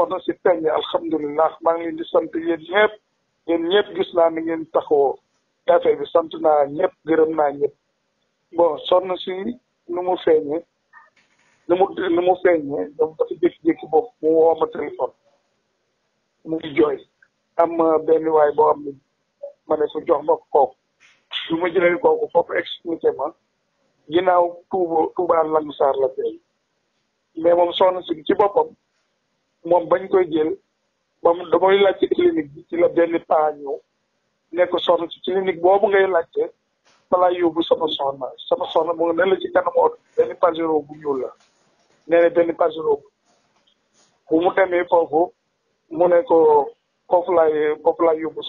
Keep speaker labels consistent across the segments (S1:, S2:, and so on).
S1: soxna si peñ alhamdulilah maa ngi leen di sant yéen ñëpp yéen ñëpp gis naa ni ngeen taxawoo affaire bi sant naa ñëpp gërëm naa ñëpp bon soxna si nu mu feeñee nu mu feeñee donc mu woo ma téléphone mu ngi jooy am benn waay boo am ne ma ne ko jox ma kooku lu foofu expliqué ma ginnaaw Touba la tey mais moom soxna si ci boppam. moom bañ koy jël moom damay laajte clinique bi ci la benn paa ñëw nekk soxna ci clinique boobu ngay laajte balaa yóbbu sama soxna sama soxna mu ne la ci la benn pajero mu demee foofu mu ne si bu la yóbbu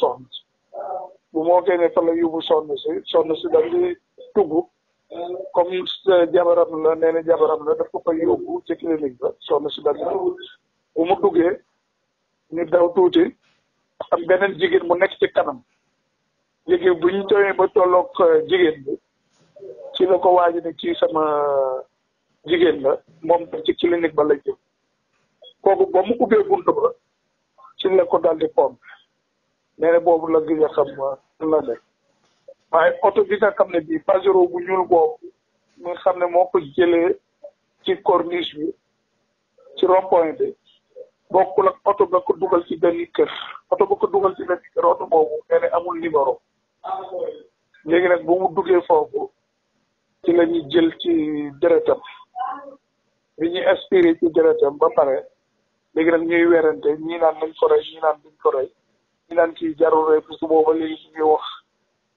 S1: soxna si soxna si daal di tugg comme jabaram la nee na jabaram la daf ko yóbbu ci clinique ba soxna si daal di tugg bu mu duggee ñu daw tuuti am beneen jigéen bu nekk ci kanam jigéen bu ñu tooyee ba tollook euh, jigéen bi ci la ko waaj ne kii sama jigéen la moom ci clinique ba la jëm kooku ba mu ubbee bunt ba ci la ko daldi pompe nee na boobu la gis nga xam la nekk waaye oto bi xam ne bii Pajero bu ñuul boobu mi xam ne moo ko jëlee ci corniche bi ci rond-point bokkul ak oto ba ko dugal ci benn kër oto ba ko dugal ci benn kër oto boobu nee na amul numéro léegi nag bu mu duggee foofu ci la ñuy jël ci deretam bi ñuy aspiré ci deretam ba pare léegi nag ñuy werante ñii naan nañ ko rey ñii naan duñ ko rey ñii naan kii jarul parce que booba léegi ñu ngi wax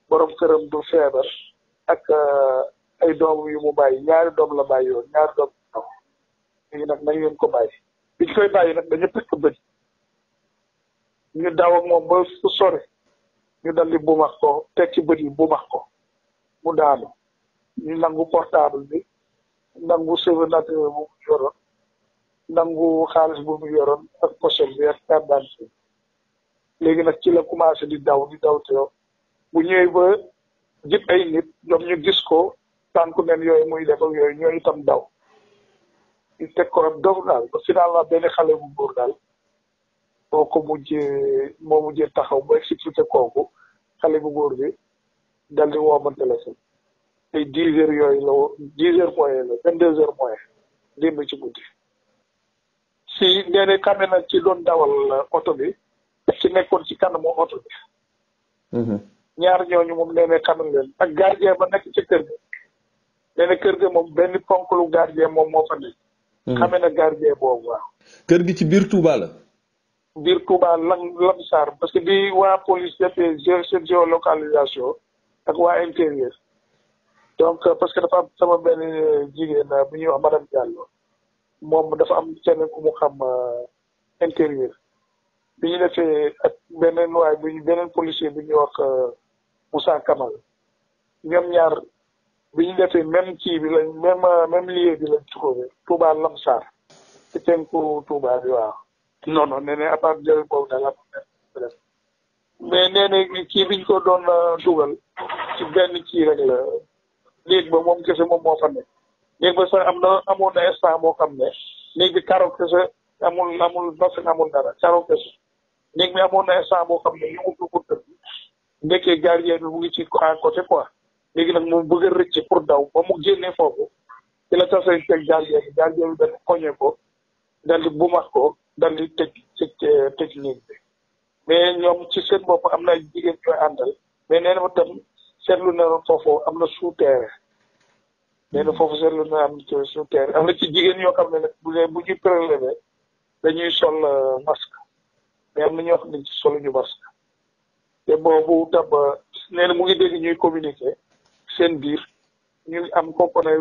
S1: borom këram du feebar ak euh, ay doom yu mu bàyyi ñaari doom la bàyyi woon ñaari doom léegi nag nañ leen ko bàyyi biñ koy bàyyi nag dañu tëkk bëri ñu daw ak moom ba sore ñu daldi di bumax ko tekki bët yi bumax ko mu daanu ñu nangu portable bi nangu souvenir bu mu yoroon nangu xaalis bu mu yoroon ak pochette bi ak carte d'identité léegi nag ci la commencé di daw di daw teew bu ñëwee ba jib ay nit ñoom ñu gis ko tànku neen yooyu muy def ak yooyu ñooy tam daw ñu teg ko am doom daal ba finalement benn xale bu góor daal moo ko mujjee moo mujjee taxaw ba expliqué kooku xale bu góor bi dal di woo ma téléphone ay dix heures yooyu la woon dix heures moyen la vingt deux heures moyen démb ci guddi si nee kame na ci doon dawal oto bi ci nekkoon ci kanamu oto bi mm-hmm. ñaar ñooñu moom nee kame leen ak gardien ba nekk ci kër ga nee na kër ga moom benn ponk lu gardien moom moo fa nekk Mhm. xame na gardien boobu waaw. kër gi ci biir Touba la. biir Touba lan lan saar parce que bi waa police defee seen géolocalisation ak waa intérieur donc euh, parce que dafa sama benn euh, jigéen euh, bu ñuy wax madame Diallo moom dafa am kenn ku mu xam intérieur bi ñu defee ak beneen waay bu beneen policier bi ñuy wax Moussa Kamal ñoom ñaar. bi ñu defee même kii bi lañ même euh, même lieu bi lañ trouvé Touba Lamsar ci tënku Touba bi waaw non non nee na à part jël boobu daal am mais nee na kii biñ ko doon euh, dugal ci benn kii rek la néeg ba moom kese moom moo fa nekk néeg ba sax am na amoon na instant moo xam ne néeg bi karo kese amul amul bassin amul dara karo kese néeg bi amoon na instant boo xam ne yëngu-yëngu dëkk bi ndekkee gardien bi mu ngi ci à côté quoi. léegi nag moom bëgg a rëcc pour daw ba mu génnee foofu ci la tasay teg gardien bi gardien bi dañu koñe ko daal di bumax ko daal di tëj tëj tëj néeg bi mais ñoom ci seen bopp am na ay jigéen ñooy àndal mais nee na ma tam seetlu na foofu am na souterrain nee na foofu seetlu na am na souterrain am na ci jigéen ñoo xam ne nag bu dee bu ñuy prélevé dañuy sol euh, masque mais am na ñoo xam ne ci soluñu masque te boobu tam euh, nee na mu ngi dégg ñuy communiquer. seen biir ñu am kooku ne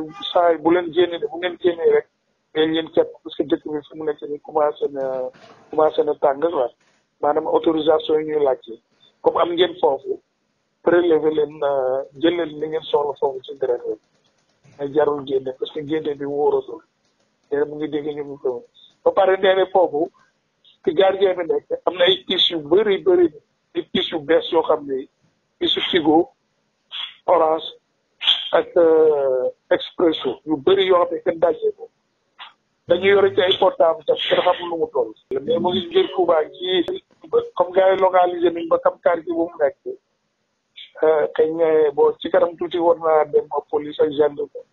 S1: bu leen génnee bu ngeen génnee rek dañ leen képp parce que dëkk bi fu mu nekk nii commencé na commencé na tàng quoi maanaam autorisation yi ñuy laajte comme am ngeen foofu prélever leen euh, jël leen li ngeen soxla foofu ci deret rek mais bi wóoratul léegi mu ngi dégg ñu ngi ko am na ay tissus yu bëri bëri ay tissus yu bees yoo xam ne tissu figo. ak euh, expresso yu bëri yoo xam ne kenn daajee ko dañuy yore ci ay portable daf kenn xamul lu mu toll. mais mu ngi ngir Touba ci comme gars yi localisé ba kam quartier bu mu nekk euh, na boo ci kanam tuuti war naa dem police ak gendarmerie